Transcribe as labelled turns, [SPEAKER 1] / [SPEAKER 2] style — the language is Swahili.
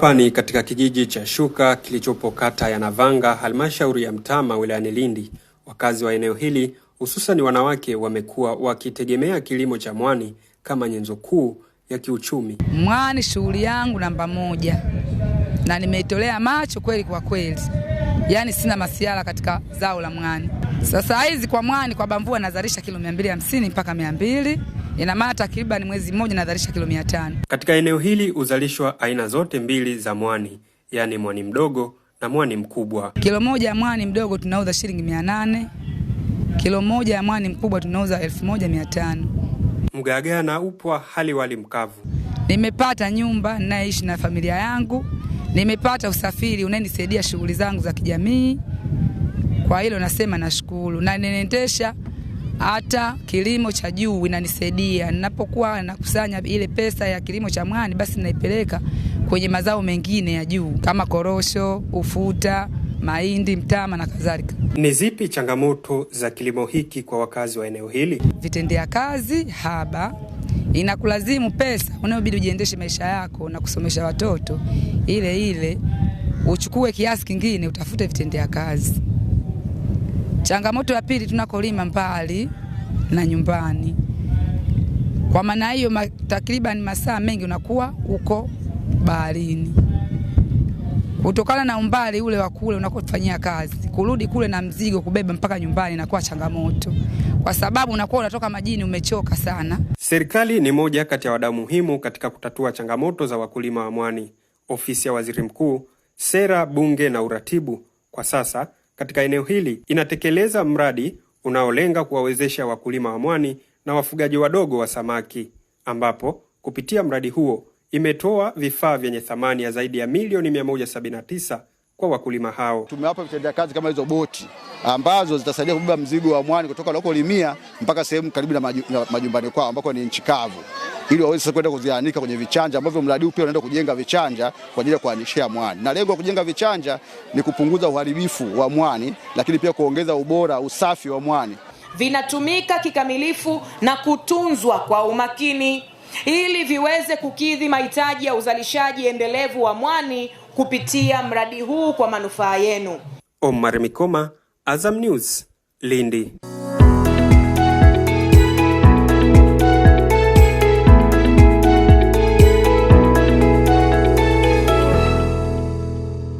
[SPEAKER 1] Hapa ni katika kijiji cha Shuka kilichopo kata ya Navanga, halmashauri ya Mtama, wilayani Lindi. Wakazi wa eneo hili hususan wanawake wamekuwa wakitegemea kilimo cha mwani kama nyenzo kuu ya kiuchumi.
[SPEAKER 2] Mwani shughuli yangu namba moja, na nimeitolea macho kweli kwa kweli, yaani sina masiara katika zao la mwani. Sasa hizi kwa mwani kwa bamvua nazalisha kilo 250 mpaka mbili ina maana takriban mwezi mmoja nazalisha kilo mia tano.
[SPEAKER 1] Katika eneo hili huzalishwa aina zote mbili za mwani, yaani mwani mdogo na mwani mkubwa.
[SPEAKER 2] Kilo moja ya mwani mdogo tunauza shilingi mia nane kilo moja ya mwani mkubwa tunauza elfu moja mia tano.
[SPEAKER 1] Mgaagaa na upwa hali wali mkavu.
[SPEAKER 2] Nimepata nyumba ninayeishi na familia yangu, nimepata usafiri unayenisaidia shughuli zangu za kijamii. Kwa hilo nasema nashukuru na ninaendesha hata kilimo cha juu inanisaidia. Ninapokuwa nakusanya ile pesa ya kilimo cha mwani, basi naipeleka kwenye mazao mengine ya juu kama korosho, ufuta, mahindi, mtama na kadhalika.
[SPEAKER 1] Ni zipi changamoto za kilimo hiki kwa wakazi wa eneo hili?
[SPEAKER 2] Vitendea kazi haba inakulazimu pesa unayobidi ujiendeshe maisha yako na kusomesha watoto ile ile, uchukue kiasi kingine, utafute vitendea kazi. Changamoto ya pili, tunakolima mbali na nyumbani. Kwa maana hiyo, takriban masaa mengi unakuwa uko baharini, kutokana na umbali ule wa kule unakofanyia kazi, kurudi kule na mzigo kubeba mpaka nyumbani inakuwa changamoto, kwa sababu unakuwa unatoka majini umechoka sana.
[SPEAKER 1] Serikali ni moja kati ya wadau muhimu katika kutatua changamoto za wakulima wa mwani. Ofisi ya Waziri Mkuu, Sera, Bunge na Uratibu kwa sasa katika eneo hili inatekeleza mradi unaolenga kuwawezesha wakulima wa mwani na wafugaji wadogo wa samaki, ambapo kupitia mradi huo imetoa vifaa vyenye thamani ya zaidi ya milioni 179 kwa wakulima hao.
[SPEAKER 3] Tumewapa vitendea kazi kama hizo boti ambazo zitasaidia kubeba mzigo wa mwani kutoka lokolimia mpaka sehemu karibu na majumbani kwao ambako ni nchi kavu ili waweze kwenda kuzianika kwenye vichanja ambavyo mradi huu pia unaenda kujenga vichanja kwa ajili ya kuanishia mwani, na lengo la kujenga vichanja ni kupunguza uharibifu wa mwani, lakini pia kuongeza ubora, usafi wa mwani.
[SPEAKER 4] Vinatumika kikamilifu na kutunzwa kwa umakini ili viweze kukidhi mahitaji ya uzalishaji endelevu wa mwani kupitia mradi huu kwa manufaa yenu.
[SPEAKER 1] Omar Mikoma, Azam News, Lindi.